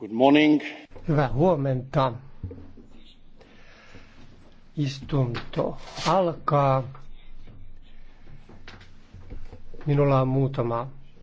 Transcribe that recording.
Good morning. Hyvää huomenta. Istunto alkaa. Minulla on muutama